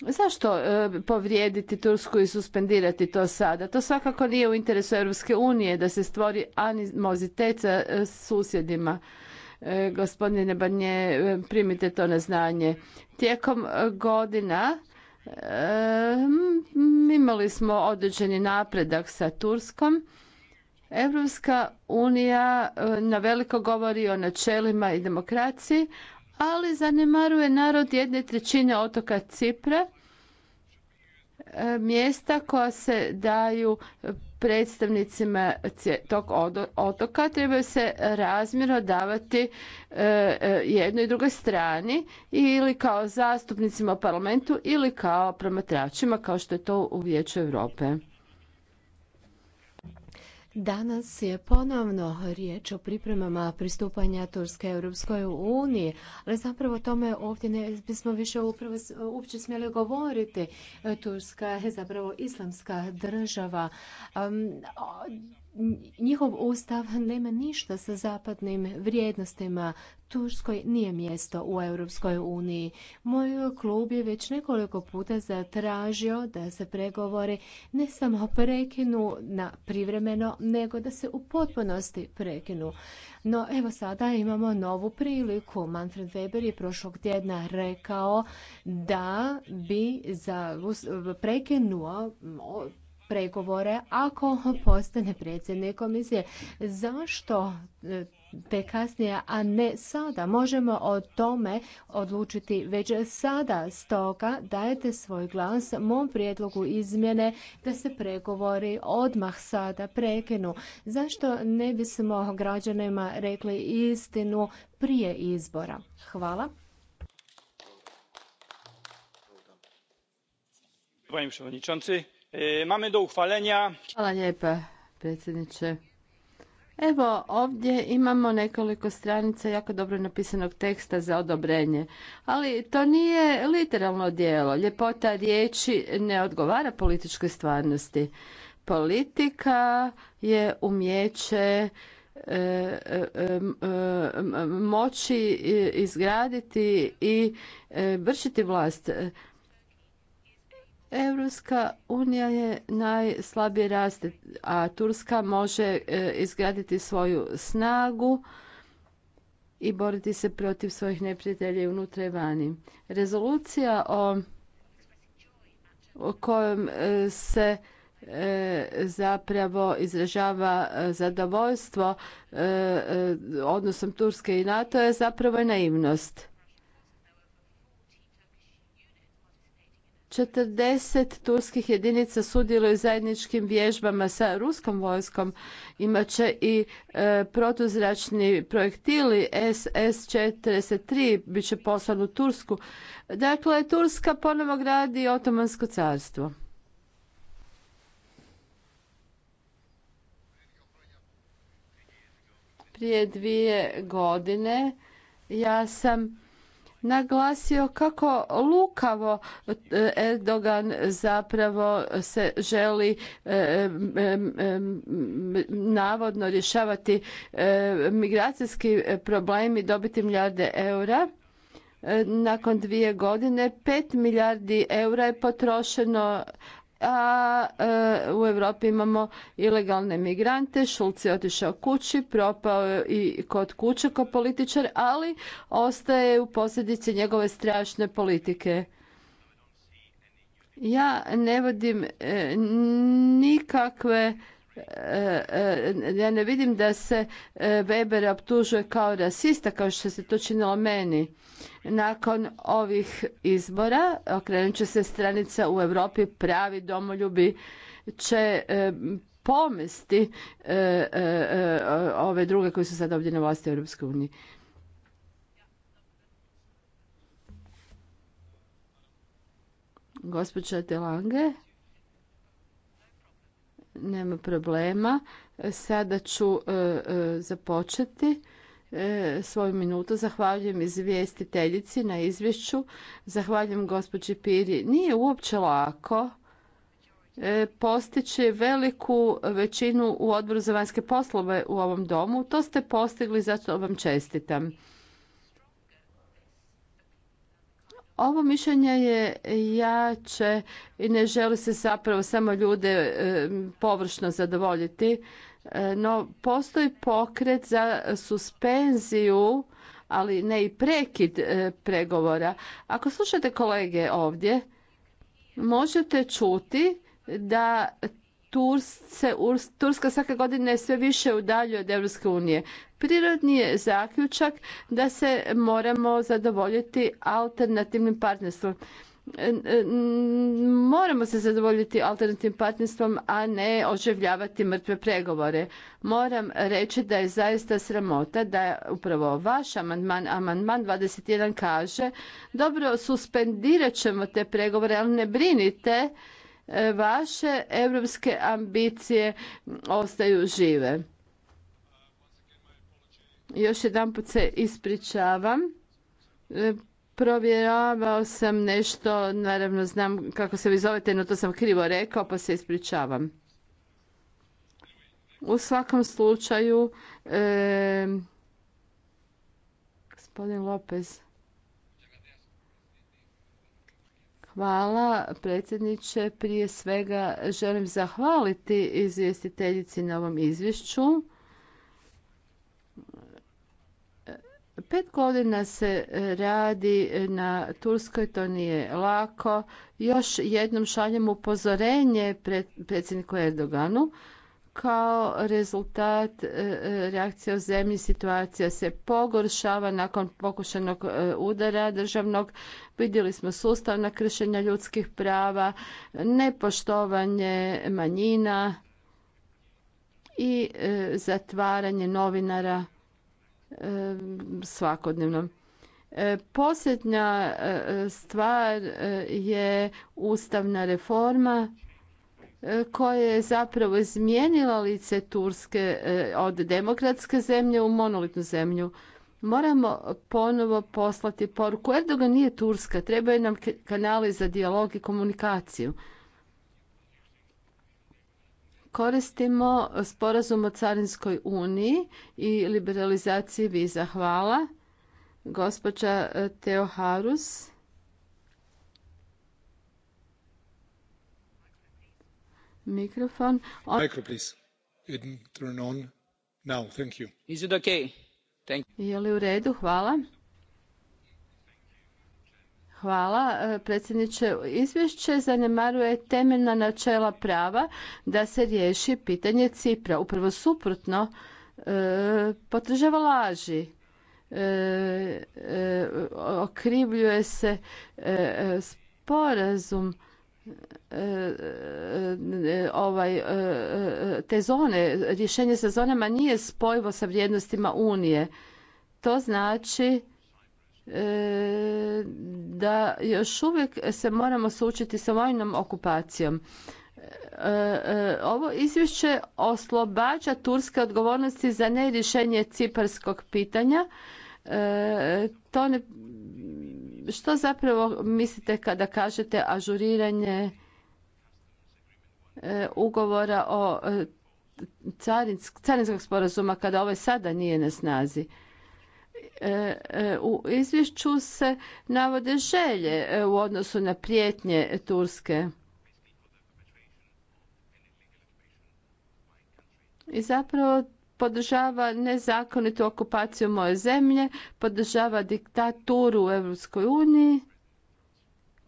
D: Zašto e, povrijediti Tursku i suspendirati to sada? To svakako nije u interesu Europske unije da se stvori animozitet sa e, susjedima. E, gospodine Barnje, primite to na znanje. Tijekom godina imali smo određeni napredak sa Turskom. Europska unija na veliko govori o načelima i demokraciji, ali zanemaruje narod jedne trećine otoka Cipra, e, mjesta koja se daju predstavnicima tog otoka trebaju se razmjerno davati e, e, jednoj i drugoj strani ili kao zastupnicima u parlamentu ili kao promatračima kao što je to u Vijeću Europe.
C: Danas je ponovno riječ o pripremama pristupanja Turske Europskoj uniji, ali zapravo tome ovdje ne bismo više upravo, uopće smjeli govoriti. E, Turska je zapravo islamska država njihov ustav nema ništa sa zapadnim vrijednostima. Turskoj nije mjesto u Europskoj uniji. Moj klub je već nekoliko puta zatražio da se pregovori ne samo prekinu na privremeno, nego da se u potpunosti prekinu. No evo sada imamo novu priliku. Manfred Weber je prošlog tjedna rekao da bi za, prekinuo pregovore ako postane predsjednik komisije. Zašto e, te kasnije, a ne sada. Možemo o tome odlučiti već sada. Stoga dajete svoj glas mom prijedlogu izmjene da se pregovori odmah sada prekinu. Zašto ne bismo građanima rekli istinu prije izbora? Hvala.
D: Panie E, Hvala lijepa, predsjedniče. Evo, ovdje imamo nekoliko stranica jako dobro napisanog teksta za odobrenje, ali to nije literalno djelo. Ljepota riječi ne odgovara političkoj stvarnosti. Politika je umjeće e, e, moći izgraditi i vršiti vlast. Evropska unija je najslabije raste, a Turska može e, izgraditi svoju snagu i boriti se protiv svojih neprijatelja i unutra i vani. Rezolucija o, o kojom e, se e, zapravo izražava zadovoljstvo odnosom Turske i NATO je zapravo naivnost. 40 turskih jedinica sudjeluje u zajedničkim vježbama sa ruskom vojskom. Imaće i e, protuzračni projektili SS-43, bit će poslan u Tursku. Dakle, Turska ponovo gradi Otomansko carstvo. Prije dvije godine ja sam naglasio kako lukavo e, Erdogan zapravo se želi e, navodno rješavati e, migracijski problem i dobiti milijarde eura nakon dvije godine pet milijardi eura je potrošeno a e, u Europi imamo ilegalne migrante, Šulc je otišao kući, propao je i kod kuće kao političar, ali ostaje u posljedici njegove strašne politike. Ja ne vodim e, nikakve E, e, ja ne vidim da se e, Weber optužuje kao rasista kao što se to činilo meni. Nakon ovih izbora okrenut će se stranica u Europi pravi domoljubi će pomesti ove druge koji su sad ovdje na vlasti u unije Gospođa Delange. Nema problema. Sada ću e, e, započeti e, svoju minutu. Zahvaljujem izvijestiteljici na izvješću. Zahvaljujem gospođi Piri. Nije uopće lako postići veliku većinu u odboru za vanjske poslove u ovom domu. To ste postigli, zato vam čestitam. Ovo mišljenje je jače i ne želi se zapravo samo ljude e, površno zadovoljiti, e, no postoji pokret za suspenziju, ali ne i prekid e, pregovora. Ako slušate kolege ovdje, možete čuti da Turska svake godine sve više udalje od Europske unije. Prirodni je zaključak da se moramo zadovoljiti alternativnim partnerstvom. E, e, moramo se zadovoljiti alternativnim partnerstvom, a ne oživljavati mrtve pregovore. Moram reći da je zaista sramota da upravo vaš amandman, amandman 21 kaže dobro suspendirat ćemo te pregovore, ali ne brinite vaše europske ambicije ostaju žive. Još jedan put se ispričavam. E, provjeravao sam nešto, naravno znam kako se vi zovete, no to sam krivo rekao, pa se ispričavam. U svakom slučaju, e, gospodin Lopez. Hvala predsjedniče. Prije svega želim zahvaliti izvjestiteljici na ovom izvješću. Pet godina se e, radi na Turskoj, to nije lako. Još jednom šaljem upozorenje predsjedniku Erdoganu kao rezultat e, e, reakcija u zemlji situacija se pogoršava nakon pokušenog e, udara državnog. Vidjeli smo sustavna kršenja ljudskih prava, nepoštovanje manjina i zatvaranje novinara svakodnevno. Posljednja stvar je ustavna reforma koja je zapravo izmijenila lice Turske e, od demokratske zemlje u monolitnu zemlju. Moramo ponovo poslati poruku. Erdogan nije Turska, trebaju nam kanali za dijalog i komunikaciju. Koristimo sporazum o Carinskoj uniji i liberalizaciji viza. Hvala. Gospođa e, Teo Harus. Mikrofon. Je li u redu? Hvala. Hvala e, predsjedniče. Izvješće zanemaruje temeljna načela prava da se riješi pitanje Cipra. Upravo suprotno e, potržava laži. E, okrivljuje se sporazum ovaj e, te zone, rješenje sa zonama nije spojivo sa vrijednostima Unije. To znači e, da još uvijek se moramo sučiti sa vojnom okupacijom. E, ovo izvješće oslobađa Turske odgovornosti za nerješenje ciparskog pitanja. To ne što zapravo mislite kada kažete ažuriranje e, ugovora o e, carinskog sporazuma kada ovaj sada nije na snazi? E, u izvješću se navode želje u odnosu na prijetnje Turske. I zapravo podržava nezakonitu okupaciju moje zemlje, podržava diktaturu u Europskoj uniji.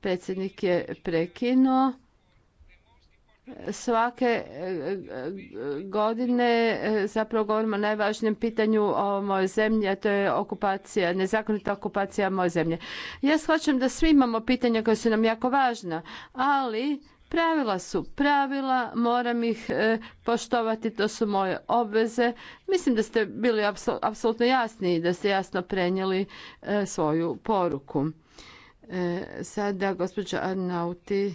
D: Predsjednik je prekinuo. Svake e, e, godine e, zapravo govorimo o najvažnijem pitanju o mojoj zemlji, a to je okupacija, nezakonita okupacija moje zemlje. Ja shvaćam da svi imamo pitanja koja su nam jako važna, ali Pravila su pravila, moram ih e, poštovati, to su moje obveze. Mislim da ste bili apsolutno jasni i da ste jasno prenijeli e, svoju poruku. E, sada gospođa Arnauti.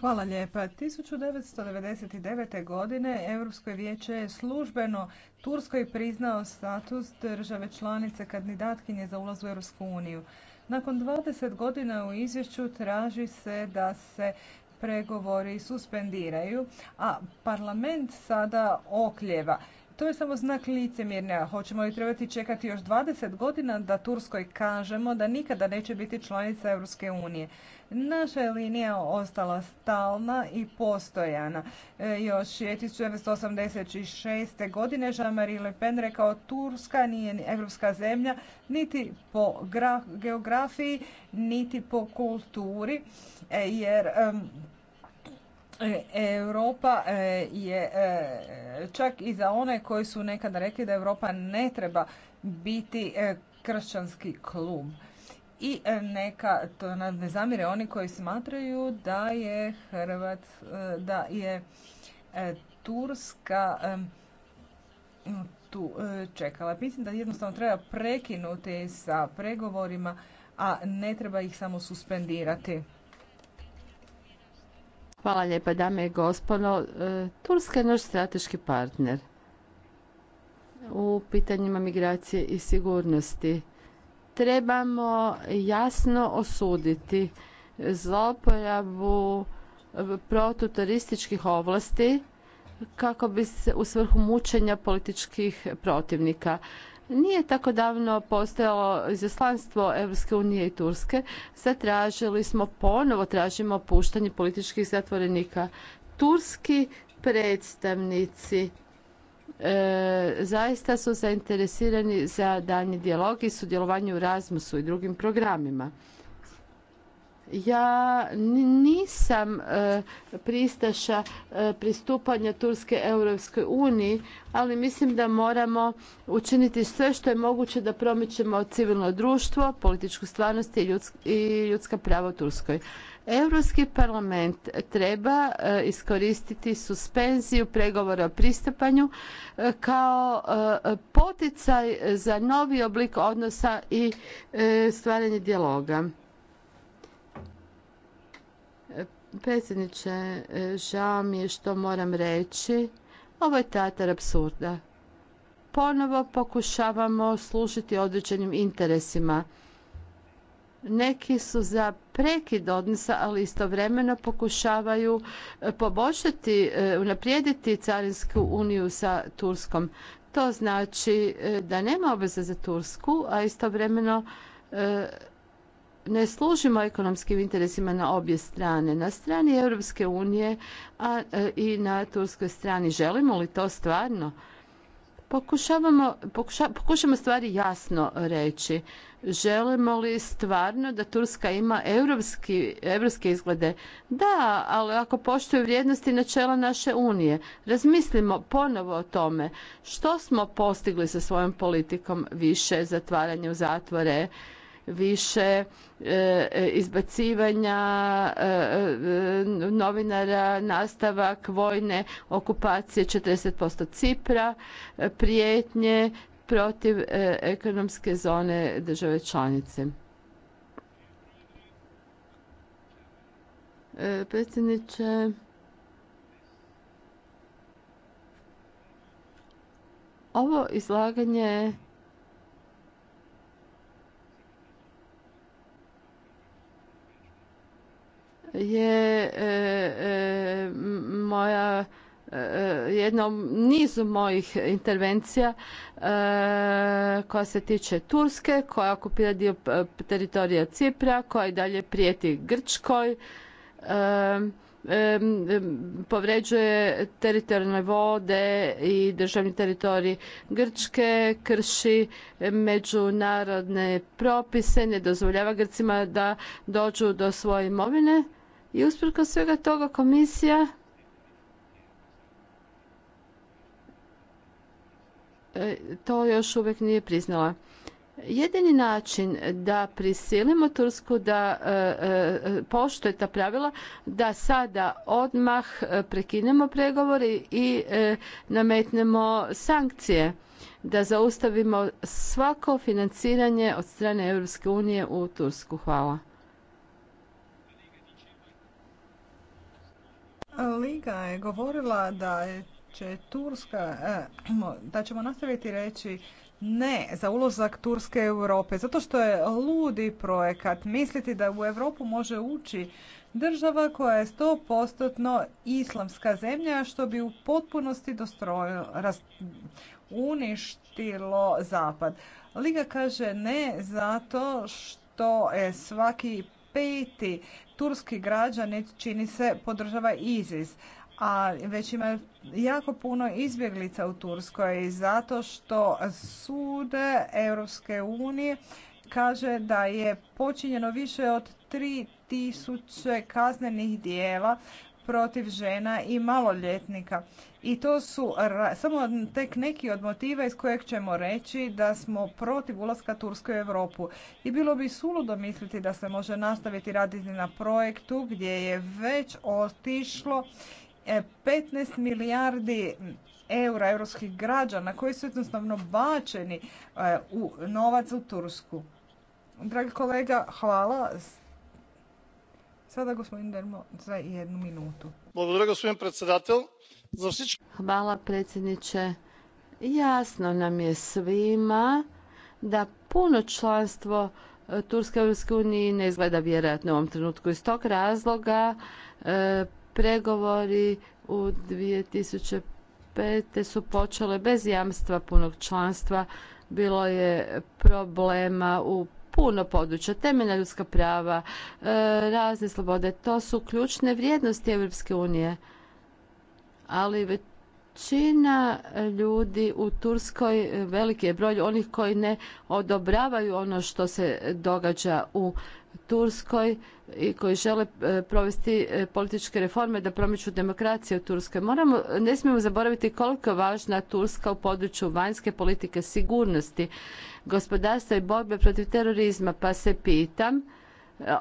E: Hvala lijepa. 1999. godine Europsko vijeće je službeno Turskoj priznao status države članice kandidatkinje za ulaz u Europsku uniju. Nakon 20 godina u izvješću traži se da se pregovori suspendiraju, a parlament sada okljeva. To je samo znak licemjerja. Hoćemo li trebati čekati još 20 godina da Turskoj kažemo da nikada neće biti članica Europske unije? Naša je linija ostala stalna i postojana. E, još 1986. godine Jean-Marie Le Pen rekao Turska nije europska evropska zemlja niti po geografiji, niti po kulturi, e, jer e, Europa je čak i za one koji su nekada rekli da Europa ne treba biti kršćanski klub i e, neka to ne zamire oni koji smatraju da je Hrvat, e, da je e, Turska tu čekala. Mislim da jednostavno treba prekinuti sa pregovorima, a ne treba ih samo suspendirati.
D: Hvala lijepa dame i gospodo. Turska je naš strateški partner u pitanjima migracije i sigurnosti trebamo jasno osuditi zloporabu protuturističkih ovlasti kako bi se u svrhu mučenja političkih protivnika. Nije tako davno postojalo izaslanstvo Europske unije i Turske. Zatražili smo ponovo, tražimo puštanje političkih zatvorenika. Turski predstavnici e, zaista su zainteresirani za daljnji dijalog i sudjelovanje u Razmusu i drugim programima. Ja nisam e, pristaša e, pristupanja Turske Europskoj uniji, ali mislim da moramo učiniti sve što je moguće da promičemo civilno društvo, političku stvarnost i ljudska, i ljudska prava u Turskoj. Europski parlament treba e, iskoristiti suspenziju pregovora o pristupanju e, kao e, poticaj za novi oblik odnosa i stvaranje dijaloga. Predsjedniče, žao mi je što moram reći. Ovo je teatar apsurda. Ponovo pokušavamo služiti određenim interesima neki su za prekid odnosa, ali istovremeno pokušavaju e, poboljšati, e, unaprijediti Carinsku uniju sa Turskom. To znači e, da nema obveza za Tursku, a istovremeno ne služimo ekonomskim interesima na obje strane, na strani Europske unije a i na turskoj strani. Želimo li to stvarno? Pokušavamo, pokušamo stvari jasno reći. Želimo li stvarno da Turska ima europski, europske izglede? Da, ali ako poštuju vrijednosti načela naše unije. Razmislimo ponovo o tome što smo postigli sa svojom politikom više zatvaranje u zatvore, više e, e, izbacivanja e, novinara, nastavak vojne okupacije 40% Cipra, prijetnje protiv ekonomske zone države članice. Predsjedniče, ovo izlaganje je e, e, moja e, jednom nizu mojih intervencija koja se tiče Turske, koja okupira dio teritorija Cipra, koja i dalje prijeti Grčkoj, povređuje teritorijalne vode i državni teritorij Grčke, krši međunarodne propise, ne dozvoljava Grcima da dođu do svoje imovine i usprko svega toga komisija e, to još uvijek nije priznala. Jedini način da prisilimo Tursku da e, e, poštuje ta pravila, da sada odmah prekinemo pregovori i nametnemo sankcije, da zaustavimo svako financiranje od strane Europske unije u Tursku. Hvala.
E: je govorila da će Turska, e, da ćemo nastaviti reći ne za ulozak Turske Europe, zato što je ludi projekat misliti da u Europu može ući država koja je 100% islamska zemlja, što bi u potpunosti uništilo Zapad. Liga kaže ne zato što je svaki peti turski građanin čini se podržava ISIS a već ima jako puno izbjeglica u Turskoj zato što sud Europske unije kaže da je počinjeno više od 3000 kaznenih dijela protiv žena i maloljetnika. I to su samo tek neki od motiva iz kojeg ćemo reći da smo protiv ulaska Turske u Europu. I bilo bi suludo misliti da se može nastaviti raditi na projektu gdje je već otišlo 15 milijardi eura europskih građana koji su jednostavno bačeni e, u novac u Tursku. Dragi kolega, hvala. Sada gospodin Dermo za jednu minutu.
D: Hvala predsjedniče. Jasno nam je svima da puno članstvo e, Turske u Unije ne izgleda vjerojatno u ovom trenutku. Iz tog razloga e, Pregovori u 2005. su počele bez jamstva punog članstva. Bilo je problema u puno područja, temeljna ljudska prava, e, razne slobode. To su ključne vrijednosti Europske unije. Ali većina ljudi u Turskoj, veliki je broj onih koji ne odobravaju ono što se događa u Turskoj i koji žele e, provesti e, političke reforme da promiču demokraciju u Turskoj. Moramo, ne smijemo zaboraviti koliko je važna Turska u području vanjske politike sigurnosti, gospodarstva i borbe protiv terorizma, pa se pitam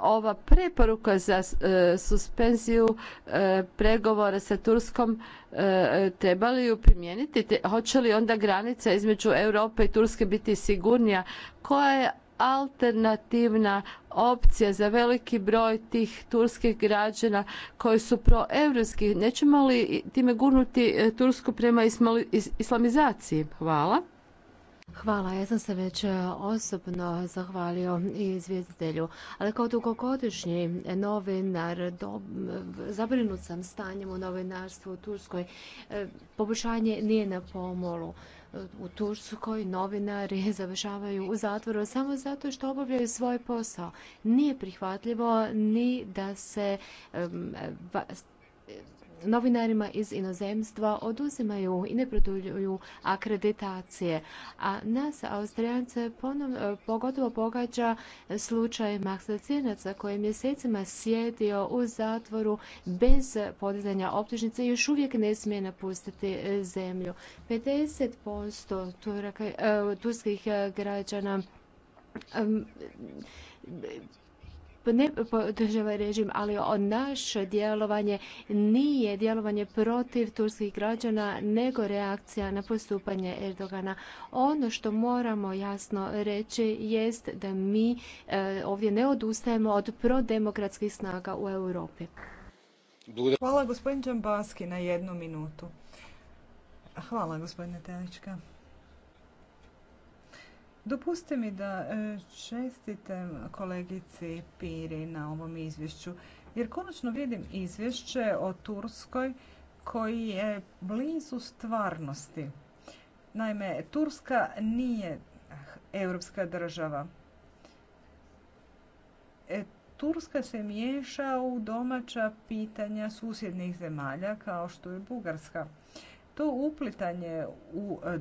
D: ova preporuka za e, suspenziju e, pregovora sa Turskom e, trebali ju primijeniti? Hoće li onda granica između Europe i Turske biti sigurnija? Koja je alternativna opcija za veliki broj tih turskih građana koji su proevropski. Nećemo li time gurnuti
C: Tursku prema islamizaciji? Hvala. Hvala, ja sam se već e, osobno zahvalio i izvjestitelju, ali kao dugogodišnji novinar zabrinut sam stanjem u novinarstvu u Turskoj. E, poboljšanje nije na pomolu u Turskoj novinari završavaju u zatvoru samo zato što obavljaju svoj posao. Nije prihvatljivo ni da se novinarima iz inozemstva oduzimaju i ne produljuju akreditacije. A nas, Austrijance, e, pogotovo pogađa slučaj Maksa Cijenaca koji je mjesecima sjedio u zatvoru bez podizanja optužnice i još uvijek ne smije napustiti e, zemlju. 50% turaka, e, turskih građana ne podržava režim, ali naše djelovanje nije djelovanje protiv turskih građana, nego reakcija na postupanje Erdogana. Ono što moramo jasno reći jest da mi e, ovdje ne odustajemo od prodemokratskih snaga u Europi.
E: Hvala gospodin Čambaski na jednu minutu. Hvala gospodine Telička. Dopustite mi da e, čestitem kolegici Piri na ovom izvješću, jer konačno vidim izvješće o Turskoj koji je blizu stvarnosti. Naime, Turska nije ah, europska država. E, Turska se miješa u domaća pitanja susjednih zemalja kao što je Bugarska. To uplitanje u e,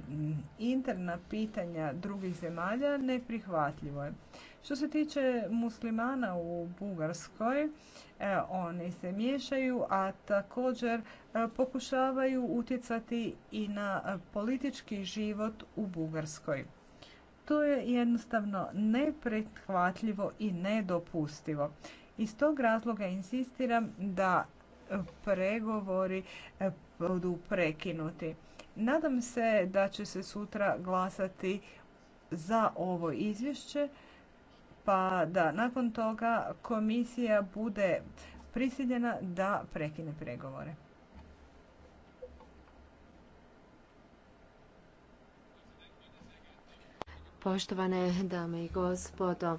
E: interna pitanja drugih zemalja neprihvatljivo je. Što se tiče muslimana u Bugarskoj, e, oni se miješaju, a također e, pokušavaju utjecati i na politički život u Bugarskoj. To je jednostavno neprihvatljivo i nedopustivo. Iz tog razloga insistiram da pregovori budu prekinuti. Nadam se da će se sutra glasati za ovo izvješće pa da nakon toga komisija bude prisiljena da prekine pregovore.
C: Poštovane dame i gospodo,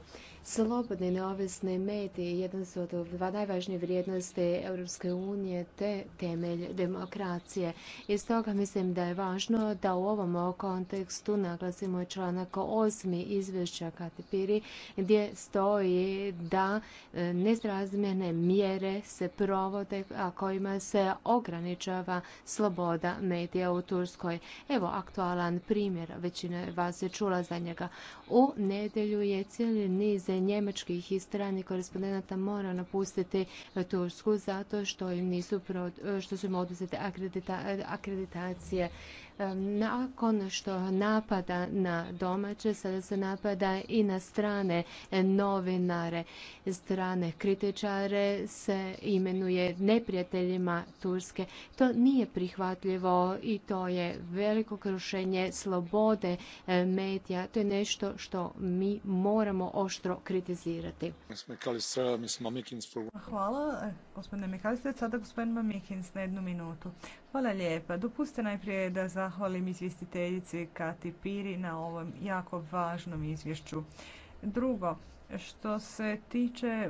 C: Slobodni neovisne mediji jedan su od dva najvažnije vrijednosti Europske unije te temelj demokracije. I stoga mislim da je važno da u ovom kontekstu naglasimo članak 8. izvješća Katipiri gdje stoji da e, nesrazmjerne mjere se provode a kojima se ograničava sloboda medija u Turskoj. Evo aktualan primjer, većina vas je čula za njega. U nedjelju je cijeli niz njemačkih i stranih korespondenata mora napustiti e, Tursku zato što im nisu, e, što su im oduzete akreditacije nakon što napada na domaće, sada se napada i na strane novinare, strane kritičare se imenuje neprijateljima Turske. To nije prihvatljivo i to je veliko krušenje slobode medija. To je nešto što mi moramo oštro kritizirati.
E: Hvala, gospodine Mikalice. Sada gospodin Mamikins na jednu minutu. Hvala lijepa. Dopuste najprije da zahvalim izvjestiteljici Kati Piri na ovom jako važnom izvješću. Drugo, što se tiče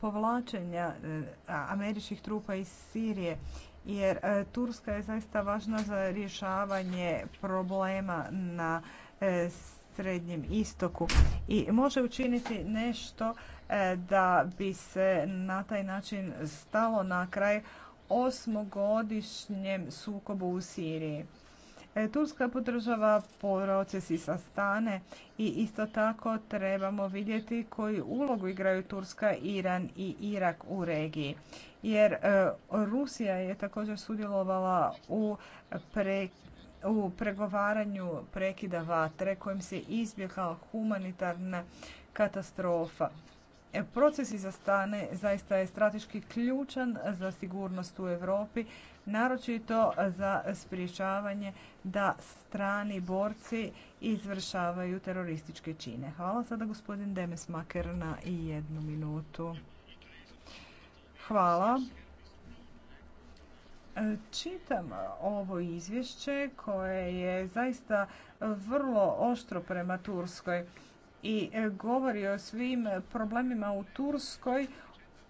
E: povlačenja e, američkih trupa iz Sirije, jer e, Turska je zaista važna za rješavanje problema na e, Srednjem istoku i može učiniti nešto da bi se na taj način stalo na kraj osmogodišnjem sukobu u Siriji. E, Turska podržava proces i sa i isto tako trebamo vidjeti koju ulogu igraju Turska, Iran i Irak u regiji. Jer e, Rusija je također sudjelovala u, u pregovaranju prekida vatre kojim se izbjegla humanitarna katastrofa. E, proces iza stane zaista je strateški ključan za sigurnost u Europi, naročito za sprječavanje da strani borci izvršavaju terorističke čine. Hvala sada gospodin Maker, na jednu minutu. Hvala. E, čitam ovo izvješće koje je zaista vrlo oštro prema Turskoj i e, govori o svim problemima u Turskoj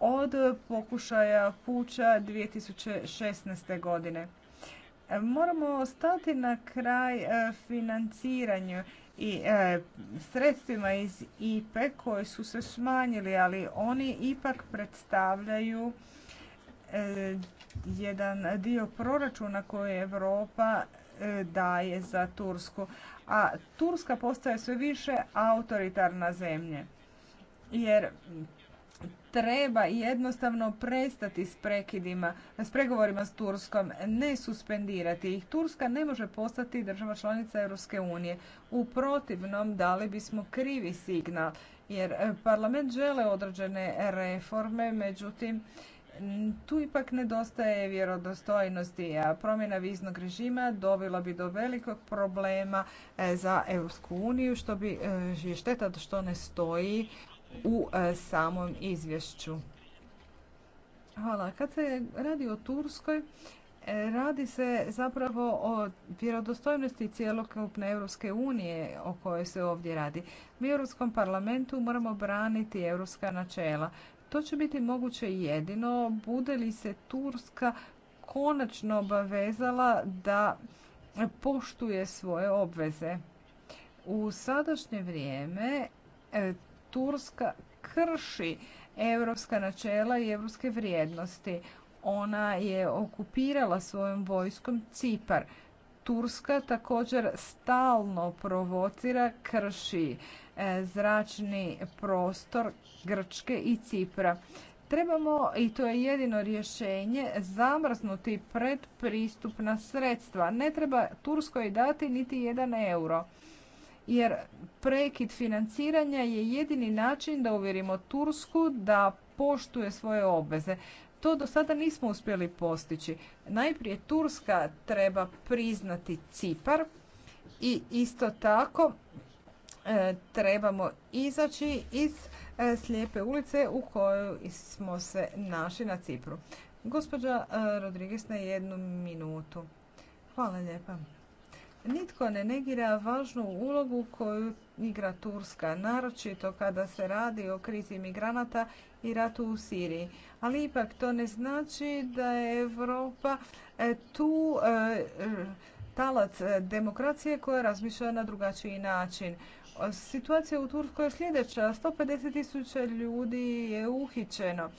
E: od pokušaja puća 2016. godine. E, moramo stati na kraj e, financiranju i sredstvima iz IPE koji su se smanjili, ali oni ipak predstavljaju jedan dio proračuna koji Europa daje za Tursku a Turska postaje sve više autoritarna zemlja. Jer treba jednostavno prestati s prekidima, s pregovorima s Turskom, ne suspendirati ih. Turska ne može postati država članica Europske unije. U protivnom dali bismo krivi signal jer parlament žele određene reforme, međutim tu ipak nedostaje vjerodostojnosti, a promjena viznog režima dovela bi do velikog problema e, za EU uniju, što bi e, je šteta što ne stoji u e, samom izvješću. Hvala. Kad se radi o Turskoj, Radi se zapravo o vjerodostojnosti cjelokupne Europske unije o kojoj se ovdje radi. Mi u Europskom parlamentu moramo braniti europska načela. To će biti moguće jedino bude li se Turska konačno obavezala da poštuje svoje obveze. U sadašnje vrijeme e, Turska krši europska načela i europske vrijednosti. Ona je okupirala svojom vojskom Cipar. Turska također stalno provocira, krši e, zračni prostor Grčke i Cipra. Trebamo, i to je jedino rješenje, zamrznuti predpristupna sredstva. Ne treba Turskoj dati niti jedan euro. Jer prekid financiranja je jedini način da uvjerimo Tursku da poštuje svoje obveze. To do sada nismo uspjeli postići. Najprije Turska treba priznati Cipar i isto tako e, trebamo izaći iz e, slijepe ulice u kojoj smo se našli na Cipru. Gospođa e, Rodriguez na jednu minutu. Hvala lijepa. Nitko ne negira važnu ulogu koju igra Turska, naročito kada se radi o krizi migranata i ratu u Siriji. Ali ipak to ne znači da je Europa e, tu e, talac e, demokracije koja razmišlja na drugačiji način. Situacija u Turskoj je sljedeća. pedeset tisuća ljudi je uhićeno.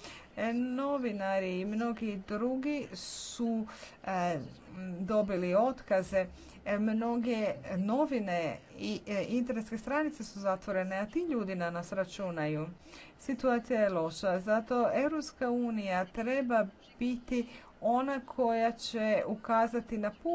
E: Novinari i mnogi drugi su dobili otkaze. E, mnoge novine i e, internetske stranice su zatvorene, a ti ljudi na nas računaju. Situacija je loša, zato Europska unija treba biti ona koja će ukazati na put